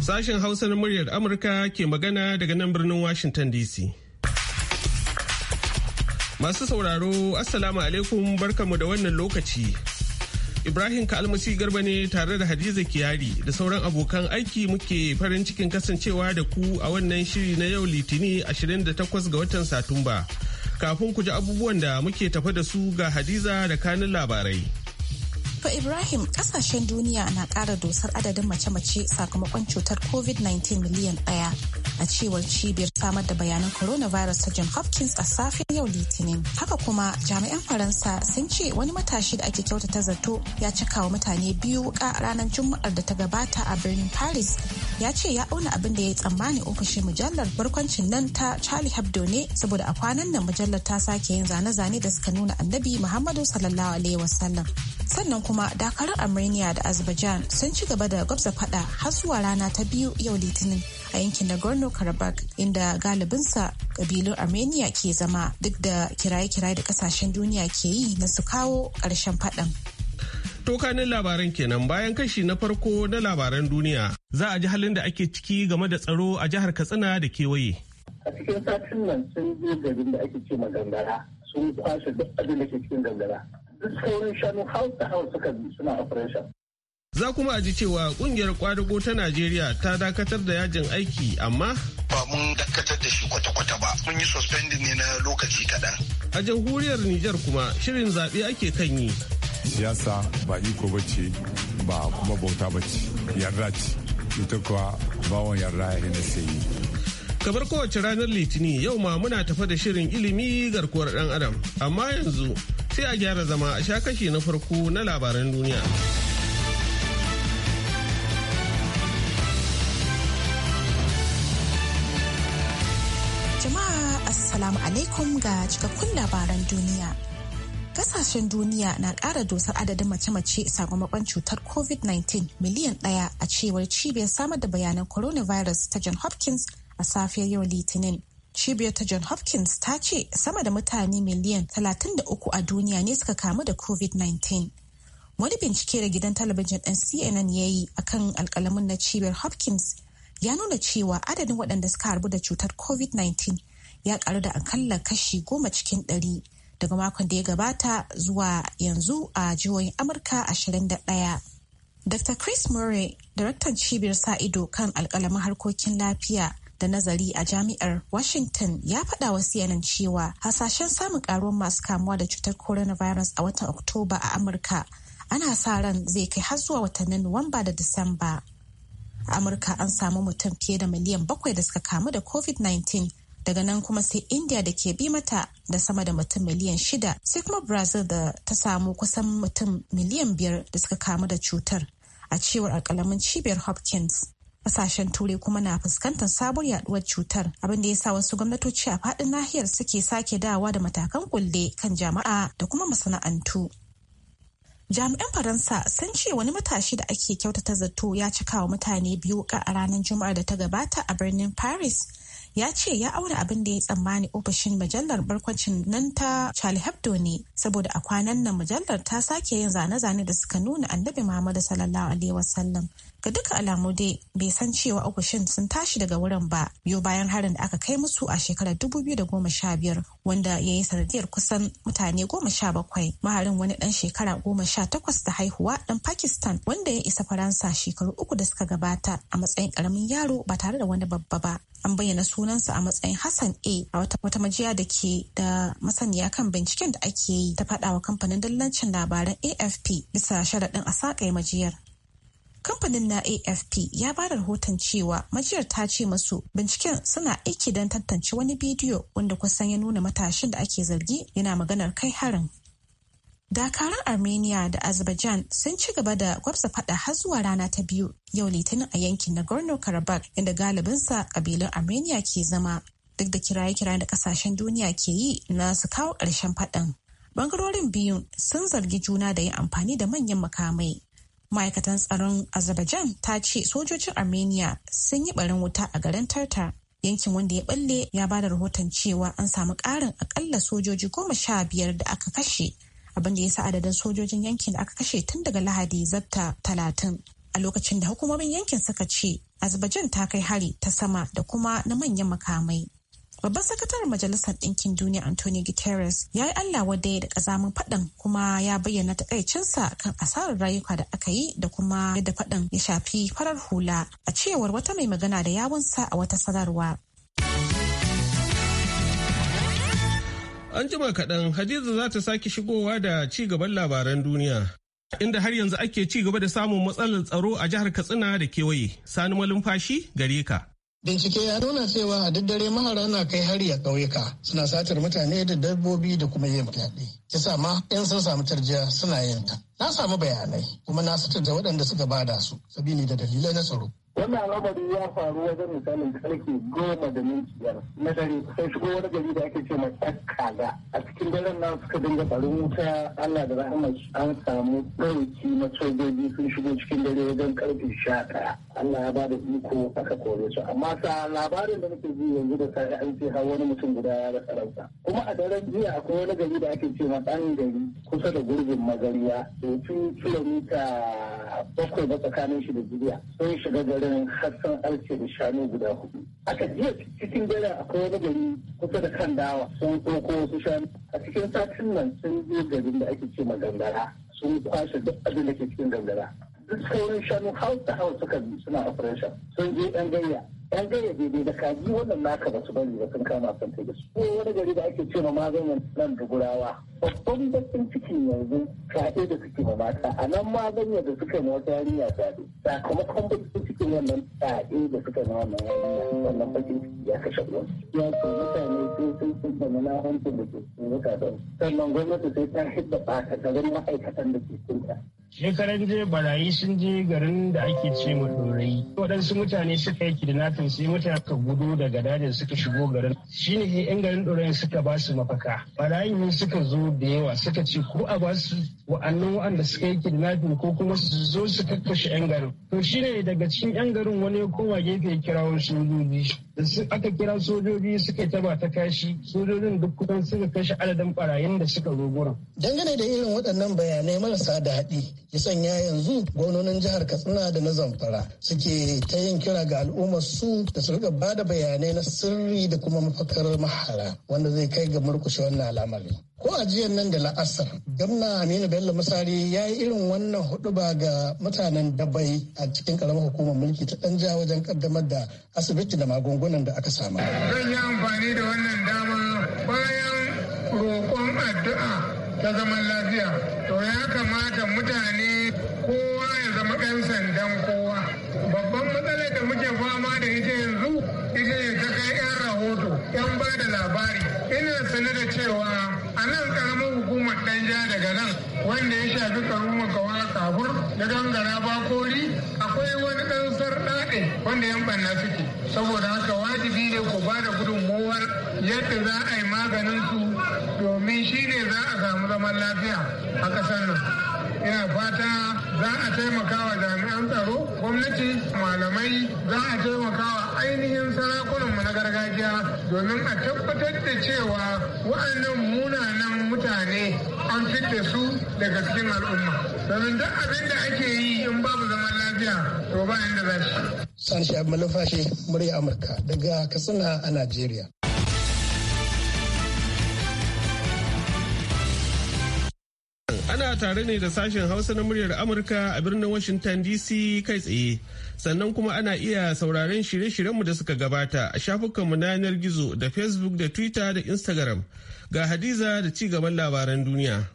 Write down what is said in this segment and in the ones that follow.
Sashen Hausa na muryar Amurka ke magana daga nan birnin Washington DC. Masu sauraro, Assalamu alaikum barkamu da wannan lokaci. Ibrahim Kalmasi Garba ne tare da Hadiza Kiyari da sauran abokan aiki muke farin cikin kasancewa da ku a wannan shiri na yau Litini 28 ga watan Satumba. Kafin ku ji abubuwan da muke tafa da su ga Hadiza da Kanun labarai. To Ibrahim kasashen duniya na kara dosar adadin mace-mace sakamakon cutar COVID-19 miliyan ɗaya a cewar cibiyar samar da bayanan coronavirus ta John Hopkins a safin yau Litinin. Haka kuma jami'an Faransa sun ce wani matashi da ake kyautata zato ya cika wa mutane biyu wuka ranar Juma'ar da ta gabata a birnin Paris ya ce ya auna abin da ya yi tsammani ofishin mujallar barkwancin nan ta Charlie Hebdo ne saboda a kwanan nan mujallar ta sake yin zane-zane da suka nuna annabi Muhammadu sallallahu alaihi wasallam. Sannan kuma dakarar armenia da azerbaijan sun ci gaba da gwabza fada har zuwa rana ta biyu yau litinin a yankin nagorno karabakh inda galibinsa kabilun armenia ke zama duk da kiraye-kiraye da kasashen duniya ke yi na su kawo ƙarshen fadan tokanin labaran kenan bayan kashi na farko na labaran duniya za a ji halin da ake ciki game da tsaro a jihar katsina da kewaye a cikin satin nan sun zo garin da ake ce gangara sun kwashe duk abin da ke cikin gangara sauran shanu house da house suka bi suna operation za kuma a ji cewa kungiyar kwadago ta najeriya ta dakatar da yajin aiki amma ba mun dakatar da shi kwata-kwata ba mun yi suspending ne na lokaci kaɗan a jamhuriyar niger kuma shirin zaɓe ake kan yi siyasa ba iko ba ce ba kuma bauta ba ce yarda ce ita kuwa bawon yarda ya na sayi kamar kowace ranar litinin yau ma muna tafa da shirin ilimi garkuwar dan adam amma yanzu sai a gyara zama a sha kashi na farko na labaran duniya. Jama'a Assalamu alaikum ga cikakkun labaran duniya. Kasashen duniya na ƙara dosar adadin mace-mace sakamakon cutar COVID-19 miliyan ɗaya a cewar cibiyar samar da bayanan coronavirus ta John Hopkins a safiyar yau Litinin. cibiyar ta john hopkins ta ce sama da mutane miliyan 33 a duniya ne suka kamu da covid-19 wani bincike da gidan talabijin ɗin cnn ya yi a kan alkalamin na cibiyar hopkins ya nuna cewa adadin waɗanda suka harbu da cutar covid-19 ya karu da akalla kashi goma cikin ɗari daga makon da ya gabata zuwa yanzu a jihohin amurka 21 dr chris murray daraktan cibiyar sa ido kan alkalamin harkokin lafiya da nazari a jami'ar Washington ya faɗa wa CNN cewa hasashen samun karuwar masu kamuwa da cutar coronavirus a watan Oktoba a Amurka ana sa ran zai kai har zuwa watannin Nuwamba da Disamba. A Amurka an samu mutum fiye da miliyan bakwai da suka kamu da COVID-19 daga nan kuma sai India da ke bi mata da sama da mutum miliyan shida sai kuma Brazil da ta samu kusan mutum miliyan biyar da suka kamu da cutar a cewar alkalamin cibiyar Hopkins. Kasashen Turai kuma na fuskantar sabon yaduwar cutar abin da ya sa wasu gwamnatoci a fadin nahiyar suke sake dawa da matakan kulle kan jama'a da kuma masana'antu. Jami'an Faransa sun ce wani matashi da ake kyautata zato ya cika wa mutane biyu a ranar Juma'ar da ta gabata a birnin Paris. Ya ce ya aure abin da ya tsammani ofishin mujallar barkwancin nan ta Charlie Hebdo ne saboda a kwanan nan mujallar ta sake yin zane-zane da suka nuna annabi Muhammadu sallallahu alaihi wasallam ga duka alamu dai bai san cewa agushin sun tashi daga wurin ba biyo bayan harin da aka kai musu a shekarar 2015 wanda ya yi sanadiyar kusan mutane 17 maharin wani dan shekara 18 da haihuwa dan pakistan wanda ya isa faransa shekaru uku da suka gabata a matsayin karamin yaro ba tare da wani babba ba an bayyana sunansa a matsayin hassan a a wata wata majiya da ke da masaniya kan binciken da ake yi ta faɗawa kamfanin dallancin labaran afp bisa sharaɗin a saƙa majiyar kamfanin na afp ya ba da rahoton cewa majiyar ta ce masu binciken suna aiki don tantance wani bidiyo wanda kusan ya nuna matashin da ake zargi yana maganar kai harin dakaran armenia da azerbaijan sun ci gaba da gwabsa fada har zuwa rana ta biyu yau litinin a yankin nagorno karabakh inda galibinsa kabilun armenia ke zama duk da kiraye-kiraye da kasashen duniya ke yi na su kawo ƙarshen faɗan. Bangarorin biyun sun zargi juna da yin amfani da manyan makamai ma'aikatan tsaron azerbaijan ta ce sojojin armenia sun yi barin wuta a garin tartar yankin wanda ya balle ya ba da rahoton cewa an samu karin akalla sojoji goma sha biyar da aka kashe abin da ya sa adadin sojojin yankin da aka kashe tun daga lahadi zabta talatin a lokacin da hukumomin yankin suka ce azerbaijan ta kai hari ta sama da kuma na manyan makamai Babban sakataren Majalisar Ɗinkin Duniya anthony Guterres ya yi Allah ya da ƙazamin faɗan kuma ya bayyana takaicinsa kan asarar rayuka da aka yi da kuma yadda faɗan ya shafi farar hula a cewar wata mai magana da yawunsa a wata sadarwa. An jima kaɗan Hadiza za ta sake shigowa da ci gaban labaran duniya. Inda har yanzu ake ci gaba da samun matsalar tsaro a jihar Katsina da kewaye, Sani Malumfashi gare ka. Bincike ya nuna cewa a daddare mahara na kai hari a ƙauyuka suna satar mutane da dabbobi da kuma yin fyaɗe. Kisa ma 'yan sun samu tarjiya suna yin ta. Na samu bayanai kuma na satar da waɗanda suka bada su sabili da dalilai na tsaro. wannan rabari ya faru wajen misalin karfe goma da minti biyar na dare sai shigo wani gari da ake ce ma tsakkaga a cikin daren nan suka dinga tsarin wuta allah da rahama an samu ɗauki na sojoji sun shigo cikin dare wajen karfe sha ɗaya allah ya bada iko aka kore su amma sa labarin da nake ji yanzu da sa an ce har wani mutum guda ya rasa rauta kuma a daren jiya akwai wani gari da ake ce ma ɗan gari kusa da gurbin magariya da kilomita bakwai ba tsakanin shi da jiya sun shiga garin wajen hassan alce da shanu guda hudu aka jiya cikin dare akwai wani gari kusa da kan dawa sun ɗauko wasu shanu a cikin satin nan sun je garin da ake ce ma gangara sun kwashe duk abin da ke cikin gangara duk sauran shanu hausa hausa suka bi suna operation sun je ɗan gayya an gaya daidai da kaji wannan naka ba su bari ba sun kama sun kai da su ko wani gari da ake cewa maganin nan da gurawa babban bakin ciki yanzu kaɗe da suke ma mata a nan maganin da suka yi wata yarinya fyaɗe sakamakon bakin cikin wannan kaɗe da suka yi wannan yarinya wannan bakin ciki ya kashe ruwan ya ce mutane sun sun sun da na hancin da ke sun zuka don sannan gwamnati sai ta hidda ɓata garin ma'aikatan da ke ta. shekaran je barayi sun je garin da ake ce ma dorai waɗansu mutane suka yi kidnap kan sai mata ka gudu daga dajin suka shigo garin shine yan garin ɗorayin suka ba su mafaka barayin suka zo da yawa suka ce ko a ba su wa'annan wa'anda suka yi kidnapping ko kuma su zo su kakkashe yan garin to shine daga cikin yan garin wani kowa gefe ya kirawo sojoji aka kira sojoji suka taba ta kashi sojojin duk kusan suka kashe adadin barayin da suka zo gurin. Dangane da irin waɗannan bayanai marasa daɗi ya sanya yanzu gwamnonin jihar Katsina da na Zamfara suke ta yin kira ga al'ummar su da su riga bada bayanai na sirri da kuma mafakar mahala wanda zai kai ga murkushe wannan al'amari. Ko a jiyan nan da la'asar, gamna Aminu Bello Musari ya yi irin wannan huduba ga mutanen dabai a cikin karamar hukumar mulki ta ɗanja wajen kaddamar da asibiti da magungunan. wannan da aka samu. Zan yi amfani da wannan dama bayan roƙon addu'a ta zaman lafiya. To ya kamata mutane kowa ya zama ɗan sandan kowa. Babban matsalar da muke fama da ita yanzu ita ne ta kai 'yan rahoto, 'yan ba da labari. Ina sanar da cewa a nan ƙaramin hukumar ɗanja daga nan wanda ya shafi karuwa makawa kabur da gangara bakori akwai wani ɗan sarɗaɗe wanda yan ɓanna suke saboda ce ku ba da gudunmowar yadda za a yi maganin su domin shi ne za a samu zaman lafiya a ƙasar nan ina fata za a taimaka wa jami'an tsaro gwamnati malamai za a taimakawa wa ainihin sarakunanmu na gargajiya domin a tabbatar da cewa wa'annan munanan mutane an fitta su daga cikin al'umma domin duk abin ake yi in babu zaman lafiya to ba za shi. Sani murya Amurka daga Katsina a Najeriya. Ana tare ne da sashen Hausa na muryar Amurka a birnin Washington DC kai tsaye. Sannan kuma ana iya sauraron shirye-shiryenmu da suka gabata a shafukanmu na yanar gizo da Facebook da Twitter da Instagram. Ga Hadiza da ci gaban labaran duniya.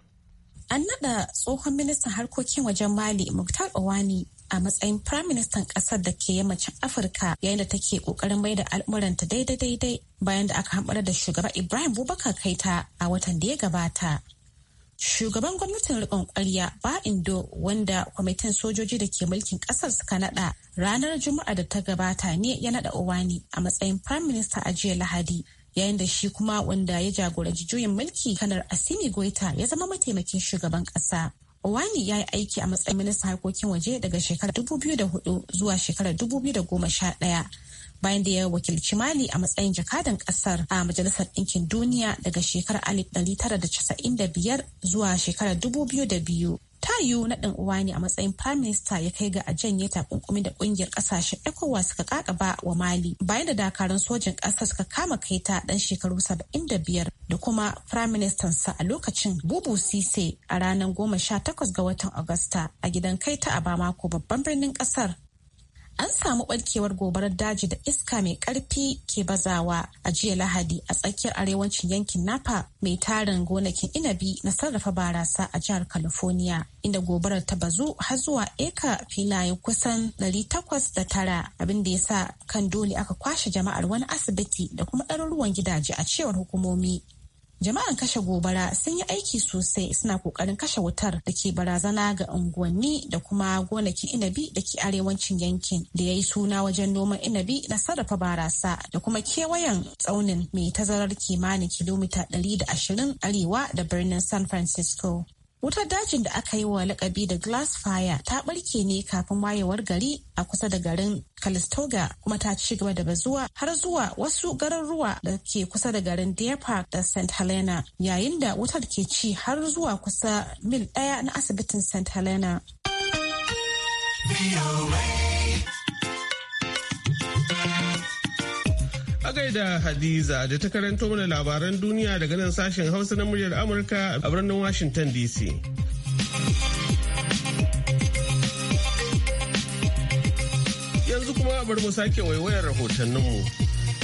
An naɗa tsohon ministan harkokin wajen Mali Muktar Owani a matsayin firaministan ƙasar da ke yammacin Afirka yayin da take ƙoƙarin mai da al'muranta daidai-daidai bayan da aka hamɓar da shugaba Ibrahim Bubakar Kaita a watan da ya gabata. Shugaban gwamnatin riƙon ƙwarya ba indo wanda kwamitin sojoji da ke mulkin ƙasar suka naɗa ranar Juma'a da ta gabata ne ya naɗa Owani a matsayin firaminista a jiya Lahadi. yayin da shi kuma wanda ya jagoranci juyin mulki kanar asimi goita ya zama mataimakin shugaban ƙasa Owani ya yi aiki a matsayin ministan harkokin waje daga shekarar hudu zuwa shekarar 2011 bayan da ya wakilci Mali a matsayin jakadan kasar a Majalisar Ɗinkin Duniya daga shekarar alif tara da da casa'in biyar zuwa shekarar biyu. ta yiwu naɗin uwa ne a matsayin prime minister ya kai ga a janye takunkumi da ƙungiyar ƙasashen ecowas suka kakaba wa mali bayan da dakarun sojin ƙasa suka kama kai ta ɗan shekaru 75 da kuma prime minister sa a lokacin bubu sise a ranar goma sha takwas ga watan agusta a gidan kai ta a bamako babban birnin ƙasar an samu barkewar gobarar daji da iska mai karfi ke bazawa a jiya lahadi a tsakiyar arewacin yankin napa mai tarin gonakin inabi na sarrafa barasa a jihar california inda gobarar ta bazu har zuwa eka filayen kusan 809 abin da ya sa kan dole aka kwashe jama'ar wani asibiti da kuma ɗaruruwan gidaje a cewar hukumomi Jama'an kashe gobara sun yi aiki sosai suna kokarin kashe wutar da ke barazana ga unguwanni da kuma gonakin inabi da ke arewacin yankin da ya yi suna wajen noman inabi na sarrafa barasa da kuma kewayen tsaunin mai tazarar kimanin kilomita 120 arewa da birnin San Francisco. Wutar dajin da aka yi wa lakabi da glass fire ta barke ne kafin wayewar gari a kusa da garin Calistoga kuma ta ci gaba da bazuwa har zuwa wasu garuruwa da ke kusa da garin Deer Park da St. Helena yayin da wutar ke ci har zuwa kusa mil ɗaya na asibitin St. Helena. A gaida Hadiza da ta karanto mana labaran duniya daga nan sashen Hausa na muryar Amurka a birnin Washington DC. Yanzu kuma bari mu sake waiwayar rahotanninmu.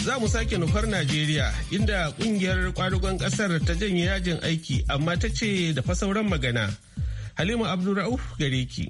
Za mu sake nufar Najeriya inda kungiyar kwadugon kasar ta janye yajin aiki amma ta ce da fasauran magana. Halima Abdulrauf gare ki.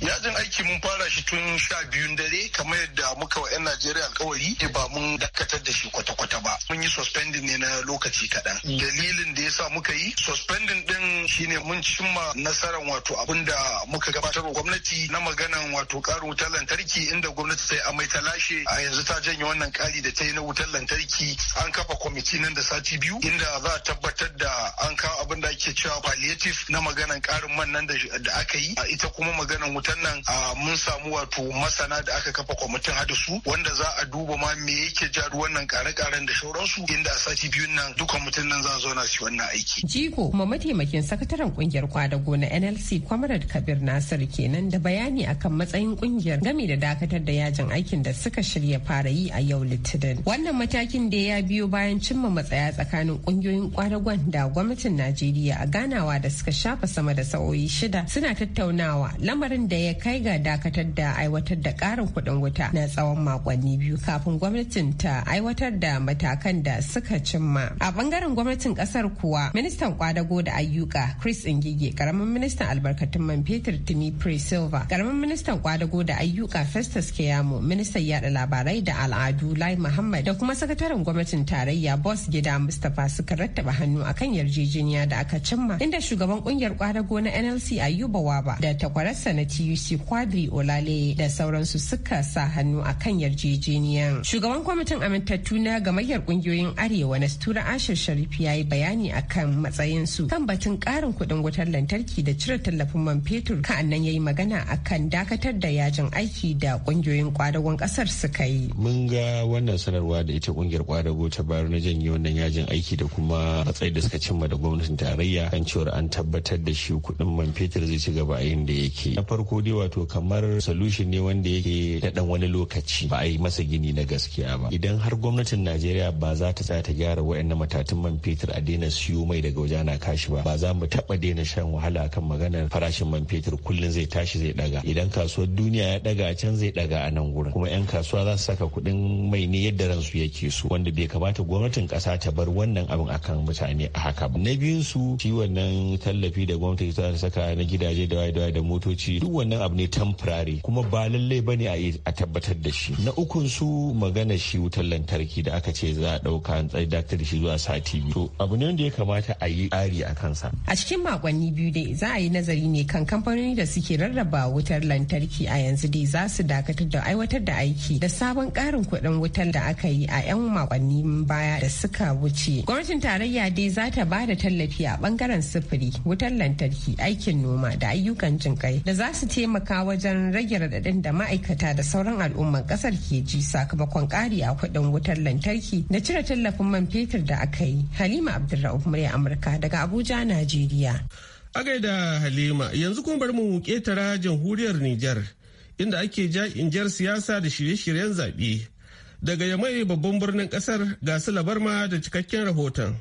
Yajin aiki mun fara shi tun sha biyun dare kamar yadda muka wa 'yan Najeriya alkawari eh, ba mun dakatar da shi kwata-kwata ba. Mun yi suspending ne na lokaci kaɗan. Mm. Dalilin da ya sa muka yi suspending din shine mun cimma nasarar wato abin da muka gabatar wa gwamnati na maganan wato karin wutar lantarki inda gwamnati ta yi amai ta lashe a yanzu ta janye wannan kari da ta yi na wutar lantarki an kafa kwamiti nan da sati biyu inda za a tabbatar da an kawo abin da ake cewa palliative na maganan karin man nan da aka yi ita kuma maganan wutar kwamitin nan mun samu wato masana da aka kafa kwamitin hada su wanda za a duba ma me yake ja wannan nan kare-karen da sauransu inda a sati biyun nan duk kwamitin nan za a zauna shi wannan aiki. Jigo kuma mataimakin sakataren kungiyar kwadago na NLC Comrade Kabir Nasir kenan da bayani akan matsayin kungiyar game da dakatar da yajin aikin da suka shirya fara yi a yau Litinin. Wannan matakin da ya biyo bayan cimma matsaya tsakanin kungiyoyin kwadagon da gwamnatin Najeriya a ganawa da suka shafa sama da sa'o'i shida suna tattaunawa lamarin da da ya kai ga dakatar da aiwatar da karin kuɗin wuta na tsawon makonni biyu kafin gwamnatin ta aiwatar da matakan da suka cimma. A bangaren gwamnatin ƙasar kuwa ministan kwadago da ayyuka Chris Ingige, karamin ministan albarkatun man Peter Timi Silva, karamin ministan kwadago da ayyuka Festus Keyamo, ministan yada labarai da al'adu Lai Muhammad da kuma sakataren gwamnatin tarayya Boss Gida Mustapha suka rattaba hannu akan yarjejeniya da aka cimma inda shugaban kungiyar kwadago na NLC Ayuba Waba da takwararsa na NDUC Kwadri Olale da sauransu suka sa hannu a kan yarjejeniyar. Shugaban kwamitin amintattu na gamayyar kungiyoyin Arewa na Stura Ashir Sharif ya yi bayani a kan matsayinsu kan batun ƙarin kuɗin wutar lantarki da cire tallafin man fetur kan nan ya yi magana a kan dakatar da yajin aiki da kungiyoyin kwadagon ƙasar suka yi. Mun ga wannan sanarwa da ita kungiyar kwadago ta bayar na janye wannan yajin aiki da kuma matsayi da suka cimma da gwamnatin tarayya kan cewa an tabbatar da shi kuɗin man fetur zai ci gaba a yin da yake. Na farko ko dai wato kamar solution ne wanda yake da dan wani lokaci ba a yi masa gini na gaskiya ba idan har gwamnatin najeriya ba za ta tsaya ta gyara waɗannan matatun man fetur a daina siyo mai daga waje na kashi ba ba za mu taɓa daina shan wahala kan maganar farashin man fetur kullum zai tashi zai daga idan kasuwar duniya ya daga can zai daga a nan gurin kuma 'yan kasuwa za su saka kuɗin mai ne yadda ransu yake so wanda bai kamata gwamnatin ƙasa ta bar wannan abin akan mutane a haka ba na biyun su shi wannan tallafi da gwamnati ta saka na gidaje da waye da motoci duk wannan abu ne temporary kuma ba lallai ba ne a tabbatar da shi na ukun su magana shi wutar lantarki da aka ce za a ɗauka an tsaye da shi zuwa sati biyu to abu ne wanda ya kamata a yi tsari a kansa a cikin makonni biyu dai za a yi nazari ne kan kamfanoni da suke rarraba wutar lantarki a yanzu dai za su dakatar da aiwatar da aiki da sabon ƙarin kuɗin wutar da aka yi a 'yan makonni baya da suka wuce gwamnatin tarayya dai za ta ba da tallafi a bangaren sufuri wutar lantarki aikin noma da ayyukan jinkai da za su taimaka wajen rage raɗaɗin da ma'aikata da sauran al'umman ƙasar ke ji sakamakon ƙari a kuɗin wutar lantarki da cire tallafin man fetur da aka yi. Halima Abdulra'uf ya Amurka daga Abuja, Najeriya. A gaida Halima, yanzu kuma bari mu ƙetara jamhuriyar Nijar, inda ake ja injar siyasa da shirye-shiryen zaɓe. Daga Yamai babban birnin ƙasar ga ma da cikakken rahoton.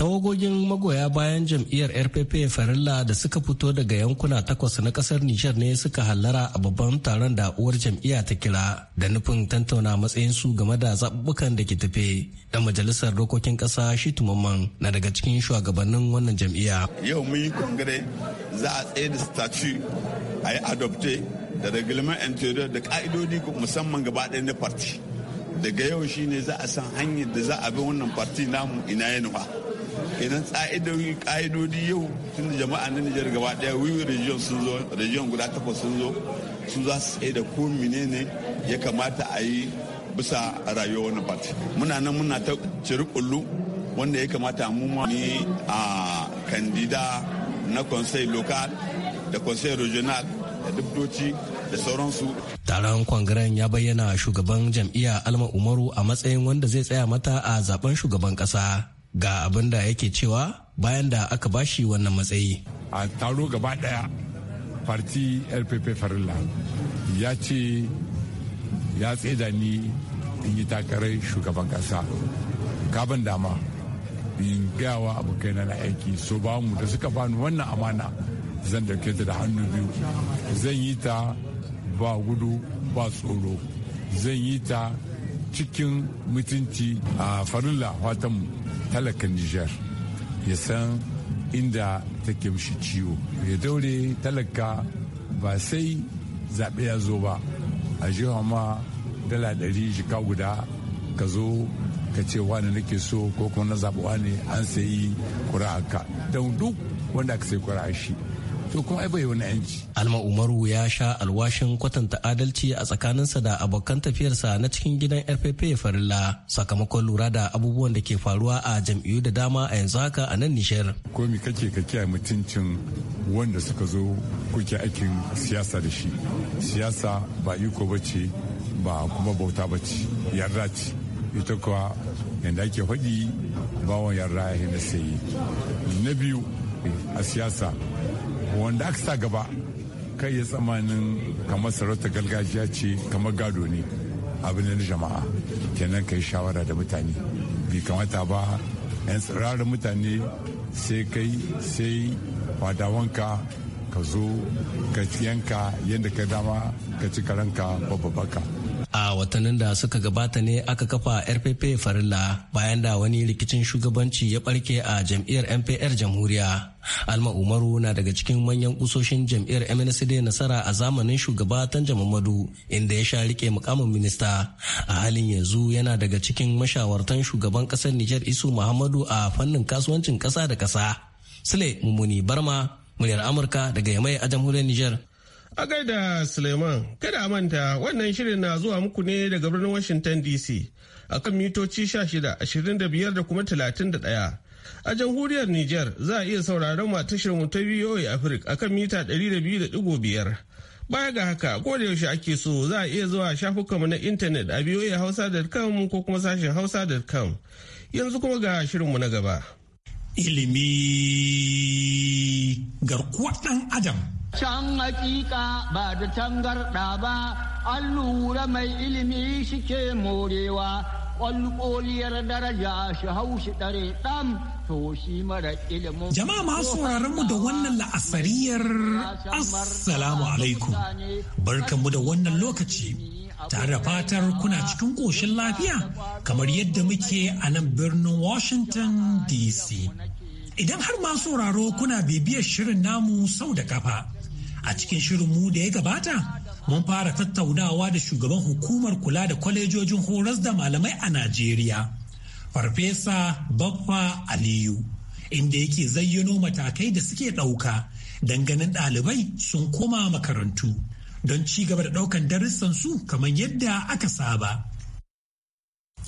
tawagogin magoya bayan jam'iyyar rpp farilla da suka fito daga yankuna takwas na kasar nijar ne suka hallara a babban taron da uwar jam'iyya ta kira da nufin tantauna matsayinsu game da zaɓuɓɓukan da ke tafe da majalisar dokokin ƙasa shi tumamman na daga cikin shugabannin wannan jam'iyya yau mun yi kongare za a tsaye da statu a yi adopte da reglement interior da ka'idodi musamman gaba ɗaya na parti daga yau shine za a san hanyar da za a bi wannan parti namu ina ya nufa idan ƙa'idodi ka'idodi yau tun da jama'a na Nijar gaba daya wiwi region sun zo region guda takwas sun zo su za su tsaye da ko menene ya kamata a yi bisa rayuwar wani party muna nan muna ta ciri kullu wanda ya kamata mu ma ni a kandida na conseil lokal da conseil regional da dubdoci da sauransu. Taron kwangaren ya bayyana shugaban jam'iyyar Alma Umaru a matsayin wanda zai tsaya mata a zaben shugaban kasa. ga abin da yake cewa bayan da aka bashi wannan matsayi. A taro gaba daya farti LPP Farilla ya ce ya tseda ni in yi takarar shugaban kasa. Kaban dama in gayawa abokai na aiki so ba mu da suka bani wannan amana zan dauke ta da hannu biyu zan yi ta ba gudu ba tsoro zan yi ta cikin mutunci a farilla watan talakan Nijar ya san inda take mishi ciwo ya daure talaka ba sai zaɓe ya zo ba a jiha ma dala ɗari jika guda ka zo ka ce wani nake so ko kuma na zaɓuwa ne an sayi ka don duk wanda aka sayi ƙura'a shi to kuma ai bai wani yanci alma umaru ya sha alwashin kwatanta adalci a tsakanin sa da abokan tafiyarsa na cikin gidan rpp farilla sakamakon lura da abubuwan da ke faruwa a jam'iyyu da dama a yanzu haka a nan nishar ko kake ka kiyaye mutuncin wanda suka zo kuke aikin siyasa da shi siyasa ba iko bace ba kuma bauta bace yarda ce ita kuwa yadda ake faɗi bawon yarda ya na sayi na biyu a siyasa wanda aka sa gaba kai ya tsamanin kamar sarauta gargajiya ce kamar gado ne abin na jama'a kenan kai shawara da mutane bi kamata ba 'yan tsirarin mutane sai kai sai fadawanka ka zo ka yanka yadda ka dama ka ci karanka babbaka a watannin da suka gabata ne aka kafa rpp farilla bayan da wani rikicin shugabanci ya barke a jam'iyyar mpr jamhuriya alma umaru na daga cikin manyan kusoshin jam'iyyar mnsd nasara a zamanin shugaba tanja mamadu inda ya sha rike mukamin minista a halin yanzu yana daga cikin mashawartan shugaban kasar nijar isu muhammadu a fannin kasuwancin kasa da kasa sule mummuni barma muryar amurka daga yamai a jamhuriyar nijar A gaida Suleiman, kada manta wannan shirin na zuwa muku ne daga birnin Washington DC a kan mitoci 16, 25 da kuma 31. A jamhuriyar Nijar za a iya sauraron tasharmu ta VOA Africa a kan mita 200.5. Baya ga haka, ko da yaushe ake so za a iya zuwa shafukanmu na intanet a Hausa.com ko kuma sashen hausa.com. Yanzu kuma ga shirinmu na gaba. Ilimi garkuwar ɗan Adam. Can hakika ba da tangarɗa ba, an lura mai ilimi shi ke morewa, ƙwalƙoliyar daraja shi haushi ɗare ɗan to shi mara ilimin. Jama'a masu mu da wannan la'asariyar Assalamu alaikum, barkanmu da wannan lokaci. Tare da fatar kuna cikin ƙoshin lafiya kamar yadda muke a nan birnin Washington DC. Idan har masu sauraro kuna bibiyar shirin namu sau da kafa. a cikin shirin mu da ya gabata mun fara tattaunawa da shugaban hukumar kula da kwalejojin horas da malamai a najeriya farfesa baffa aliyu inda yake zayyano matakai da suke ɗauka ganin ɗalibai sun koma makarantu don ci gaba da ɗaukan darussan su kamar yadda aka saba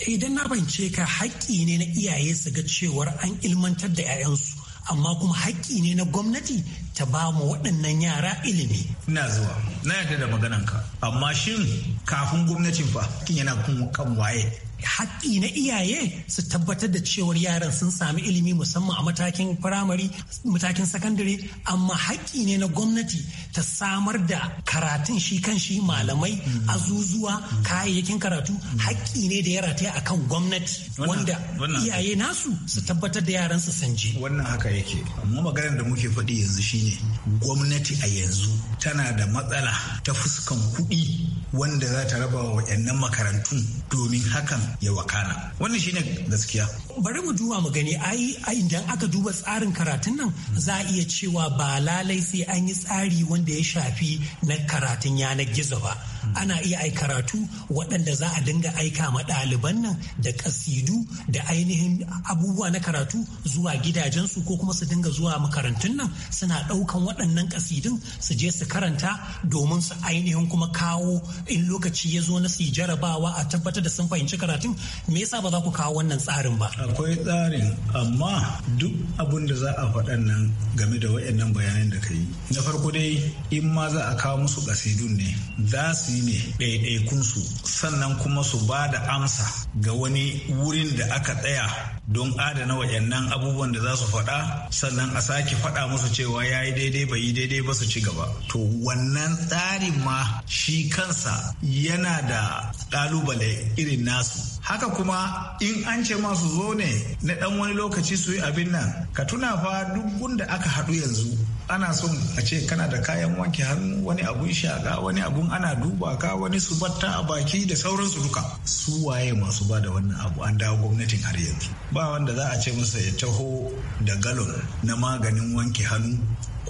idan na bance ka haƙƙi ne na iyaye su ga cewar an ilmantar da 'ya'yansu amma kuma haƙƙi ne na gwamnati ta ba mu waɗannan yara ilimi. Ina zuwa, na yarda da magananka, amma shin kafin gwamnatin fa kin yana kan waye. haƙƙi na iyaye su tabbatar da cewar yaran sun sami ilimi musamman a matakin firamare matakin sakandare amma haƙƙi ne na gwamnati ta samar da karatun shi kan shi malamai azuzuwa kayayyakin karatu haƙƙi ne da ya rataya kan gwamnati wanda iyaye nasu su tabbatar da yaran su sanje wannan haka yake amma maganar da muke faɗi yanzu shine gwamnati a yanzu tana da matsala ta fuskan kuɗi wanda za ta raba wa waɗannan makarantun domin hakan ya wakana wannan shine gaskiya bari mu duba mu gani ai idan aka duba tsarin karatun nan za a iya cewa ba lalai sai an yi tsari wanda ya shafi na karatun yanar gizo ba ana iya ai karatu waɗanda za a dinga aika ma ɗaliban nan da kasidu da ainihin abubuwa na karatu zuwa gidajensu ko kuma su dinga zuwa makarantun nan suna ɗaukan waɗannan kasidun su je su karanta domin su ainihin kuma kawo in lokaci ya zo na su jarabawa a tabbatar da sun fahimci karatun me yasa ba za ku kawo wannan tsarin ba akwai tsarin amma duk abin da za a faɗan nan game da waɗannan bayanan da ka yi na farko dai in ma za a kawo musu kasidun ne za su ne ɗaiɗaikunsu sannan kuma su ba da amsa ga wani wurin da aka tsaya don adana waɗannan abubuwan da za su faɗa sannan a sake faɗa musu cewa ya yi daidai bai yi daidai ba su ci gaba to wannan tsarin ma shi kansa yana da ƙalubale irin nasu haka kuma in an ce masu zo ne na dan wani lokaci su yi abin nan ka tuna fa duk gunda aka haɗu yanzu ana son a ce kana da kayan wanke hannu wani abun shaka wani abun ana duba ka wani su batta a baki da sauransu duka su waye masu ba da wannan abu an dawo gwamnatin har yanzu ba wanda za a ce masa ya taho da galon na maganin wanke hannu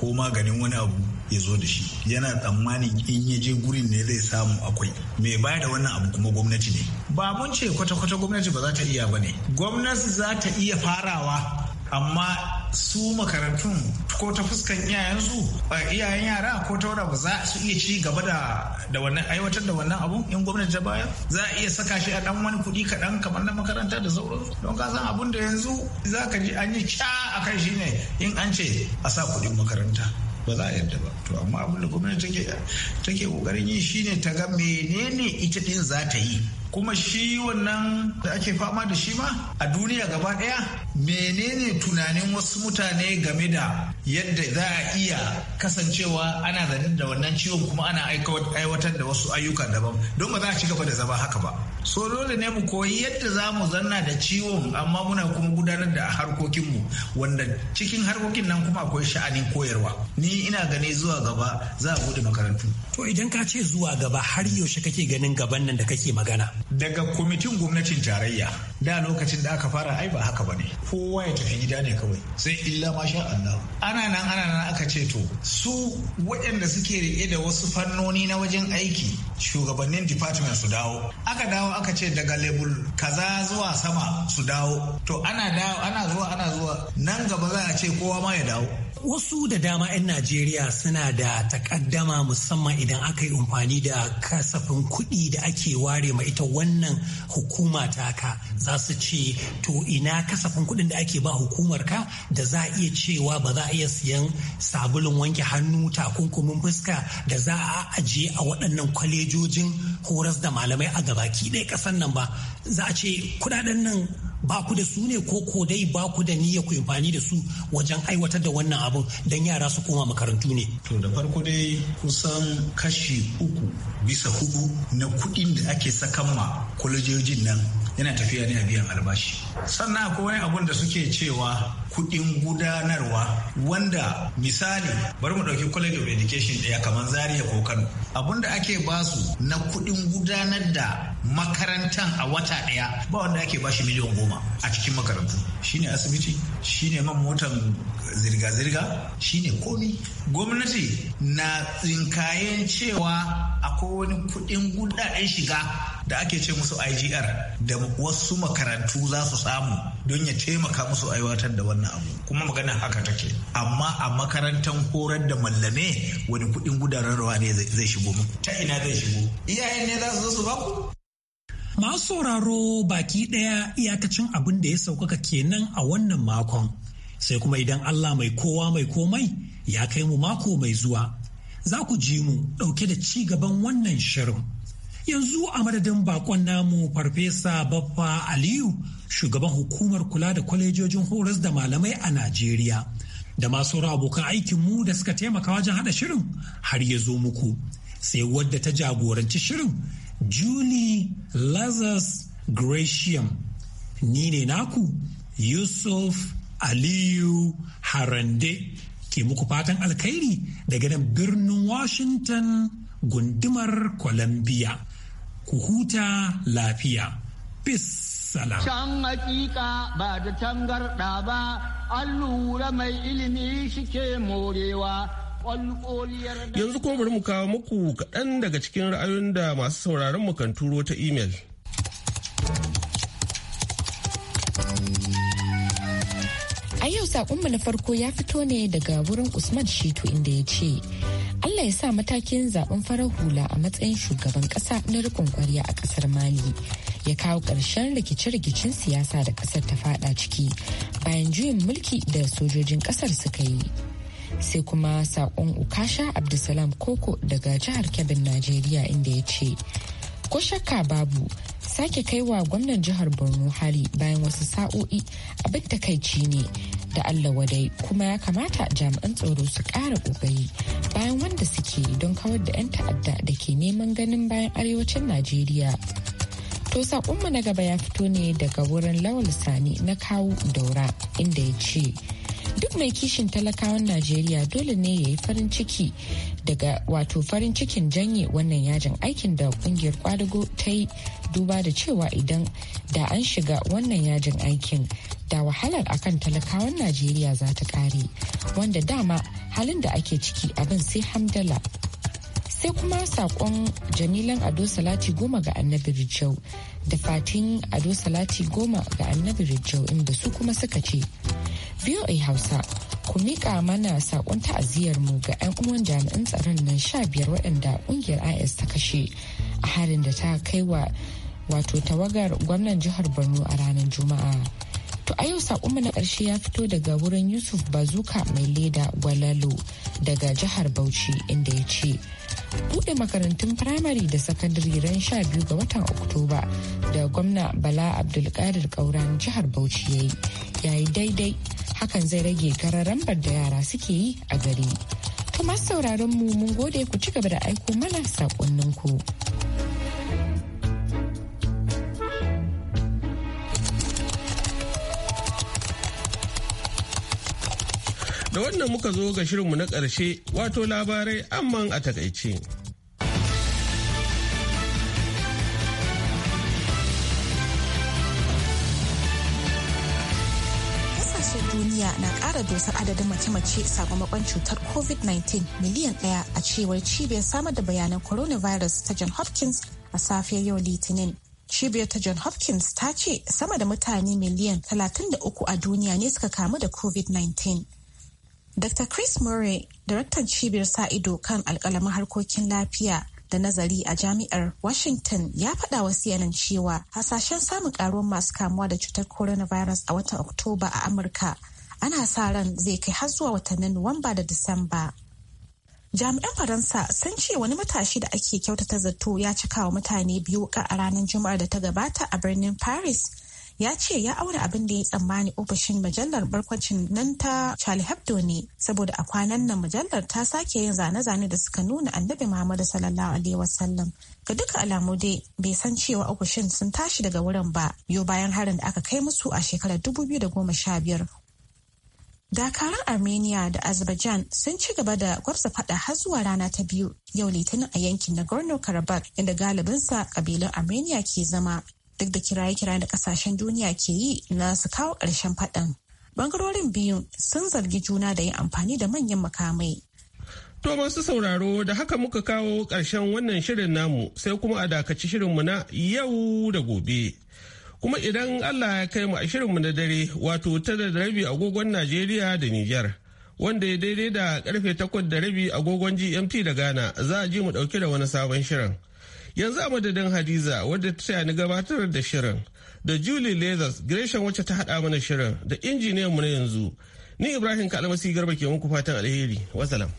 ko maganin wani abu ya zo da shi yana tsammanin in ya je gurin ne zai samu akwai mai baya da wannan abu kuma gwamnati ne ba mun ce kwata-kwata gwamnati ba za ta iya ba ne gwamnati za ta iya farawa amma su makarantun ko ta fuskan iyayensu iyayen yara ko ta wadda ba za su iya ci gaba da da wannan aiwatar da wannan abun in gwamnati ta bayar za a iya saka shi a dan wani kuɗi kaɗan kamar na makaranta da sauransu don ka san abun da yanzu za ka ji an yi ca a kan shi ne in an ce a sa kuɗin makaranta ba za a yarda ba to amma abin da gwamnati take take kokarin yi shine ta ga menene ita din za ta yi kuma shi wannan da ake fama da shi ma a duniya gaba ɗaya menene tunanin wasu mutane game da yadda za a iya kasancewa ana zanen da wannan ciwon kuma ana aiwatar da wasu ayyuka daban don ba za a ci gaba da zama haka ba so dole ne mu koyi yadda za mu zanna da ciwon amma muna kuma gudanar da harkokinmu wanda cikin harkokin nan kuma akwai sha'anin koyarwa ni ina gani zuwa gaba za a bude makarantu to idan ka ce zuwa gaba har yaushe kake ganin gaban nan da kake magana daga kwamitin gwamnatin tarayya da lokacin da aka fara ai ba haka bane kowa ya tafi gida ne kawai sai illa masha Allah ana nan ana nan aka ce to su waɗanda suke riƙe da wasu fannoni na wajen aiki shugabannin department su dawo aka dawo dawo aka ce daga lebul kaza zuwa sama su dawo to ana dawo ana zuwa ana zuwa nan gaba za a ce kowa ma ya dawo wasu da dama 'yan najeriya suna da takaddama musamman idan aka yi amfani da kasafin kuɗi da ake ware ma ita wannan hukuma ta ka za su ce to ina kasafin kuɗin da ake ba hukumar ka da za a iya cewa ba za a iya siyan sabulun wanke hannu takunkumin fuska da za a ajiye a waɗannan kwalejojin horas da malamai a gabaki ɗaya dai kasan nan ba za a ce kudaden nan ba ku da su ne ko ko dai ba ku da niyya ku amfani da su wajen aiwatar da wannan abun don yara su koma makarantu ne. To da farko dai kusan kashi uku bisa hudu na kuɗin da ake sakan ma kwalejojin nan yana tafiya ne a biyan albashi sannan akwai wani abun da suke cewa kuɗin gudanarwa wanda misali bari mu ɗauki college of education ɗaya kamar Zariya ko kano abun da ake basu na kuɗin gudanar da makarantan a wata ɗaya ba wanda ake bashi miliyan goma a cikin makarantu shine asibiti shine man motan zirga-zirga shine komi gwamnati na tsinkayen cewa akwai wani kuɗin gudaden shiga da ake ce musu IGR da wasu makarantu za su samu don ya taimaka musu aiwatar da wannan abu kuma magana haka take amma a makarantar horar da mallame wani kuɗin gudanarwa ne zai shigo muku ta ina zai shigo iyayen ne za su zo su baku masu sauraro baki ɗaya iyakacin abin da ya saukaka kenan a wannan makon sai kuma idan Allah mai kowa mai komai ya kai mu mako mai zuwa za ku ji mu ɗauke da ci gaban wannan shirin. yanzu a madadin bakon namu farfesa baffa aliyu shugaban hukumar kula da kwalejojin horas da malamai a najeriya da masu abokan aikinmu da suka taimaka wajen hada shirin har ya zo muku sai wadda ta jagoranci shirin julie lazarus gratium ni ne naku yusuf aliyu harande ke muku fatan alkhairi daga nan birnin washington gundumar columbia ku huta lafiya. Peace. Can hakika ba da garɗa ba, an lura mai ilimi shike morewa. Yanzu ko bari mu kawo muku kaɗan daga cikin ra'ayoyin da masu sauraron mu kan turo ta imel. A yau saƙonmu na farko ya fito ne daga wurin Usman Shitu inda ya ce, Allah ya sa matakin zaben farar hula a matsayin shugaban kasa na rikon kwarya a kasar Mali ya kawo ƙarshen rikice-rikicin siyasa da kasar ta fada ciki bayan juyin mulki da sojojin kasar suka yi. Sai kuma saƙon Ukasha Abdulsalam Koko daga jihar Kebbi Najeriya inda ya ce, Ko shakka babu sake kaiwa gwamnan jihar Borno hari bayan wasu sa'o'i abin takaici ne da Allah wadai kuma ya kamata jami'an tsaro su ƙara ƙoƙari bayan wanda suke don kawar da 'yan ta'adda da ke neman ganin bayan arewacin Najeriya. To saƙonmu na gaba ya fito ne daga wurin Lawal Sani na kawo daura inda ya ce duk mai kishin talakawan Najeriya dole ne ya yi farin ciki daga wato farin cikin janye wannan yajin aikin da kungiyar kwadago ta yi duba da cewa idan da an shiga wannan yajin aikin da wahalar akan talakawan najeriya za ta kare wanda dama halin da ake ciki abin sai hamdala sai kuma sakon jamilan ado salati goma ga annabi rijau da fatin ado salati goma ga annabi rijau inda su kuma suka ce voa hausa ku miƙa mana sakon ta'aziyar mu ga 'yan uwan jami'an tsaron nan sha biyar waɗanda ƙungiyar is ta kashe a harin da ta kai wa wato tawagar gwamnan jihar borno a ranar juma'a To a yau saƙonmu na ƙarshe ya fito daga wurin Yusuf Bazuka mai leda Gwalalo daga jihar Bauchi inda ya ce, bude makarantun firamare da sakandare ran sha biyu ga watan Oktoba da gwamna Bala abdul Abdulkadir Kauran jihar Bauchi ya yi, daidai hakan zai rage gararambar da yara suke yi a gari. To masu sauraron mu mun gode ku ci gaba da aiko mana ku Da wannan muka zo ga shirinmu na ƙarshe wato labarai amman a takaice. duniya na ƙara dosar adadin mace-mace sakamakon cutar covid-19 miliyan ɗaya a cewar cibiyar samar da bayanan coronavirus ta john hopkins a safiyar yau litinin cibiyar ta john hopkins ta ce sama da mutane miliyan 33 a duniya ne suka kamu da covid-19 Dr. Chris Murray, daraktan cibiyar sa-ido kan alkalamin harkokin lafiya da nazari a jami'ar Washington ya faɗa wa CNN cewa hasashen samun karuwar masu kamuwa da cutar coronavirus a watan Oktoba a Amurka ana sa ran zai kai har zuwa watannin Nuwamba da Disamba. Jami'an Faransa sun ce wani matashi da ake kyautata zato ya cika wa mutane biyu a ranar Juma'ar da ta gabata a birnin Paris ya ce ya aure abin da ya tsammani ofishin mujallar barkwacin nan ta Charlie Hebdo ne saboda a kwanan nan mujallar ta sake yin zane-zane da suka nuna annabi Muhammadu sallallahu alaihi wasallam ga duka alamu dai bai san cewa ofishin sun tashi daga wurin ba biyo bayan harin da aka kai musu a shekarar 2015 Dakaran Armenia da Azerbaijan sun ci gaba da gwabza fada har zuwa rana ta biyu yau litinin a yankin Nagorno-Karabakh inda galibinsa kabilun Armenia ke zama duk da kiraye-kiraye da kasashen duniya ke yi na su kawo ƙarshen faɗan. Bangarorin biyu sun zargi juna da yin amfani da manyan makamai. To masu sauraro da haka muka kawo ƙarshen wannan shirin namu sai kuma a dakaci mu na yau da gobe. Kuma idan Allah ya kai mu a mu na dare wato tara da rabi agogon Najeriya da Nijar. Wanda ya daidai da karfe takwas da rabi agogon GMT da Ghana za a ji mu ɗauki da wani sabon shirin. yanzu a madadin hadiza wadda ta ni gabatar da shirin da julie lezers gresham wacce ta haɗa mana shirin da mu na yanzu ni ibrahim kalmasi garba ke muku fatan alheri wasalam.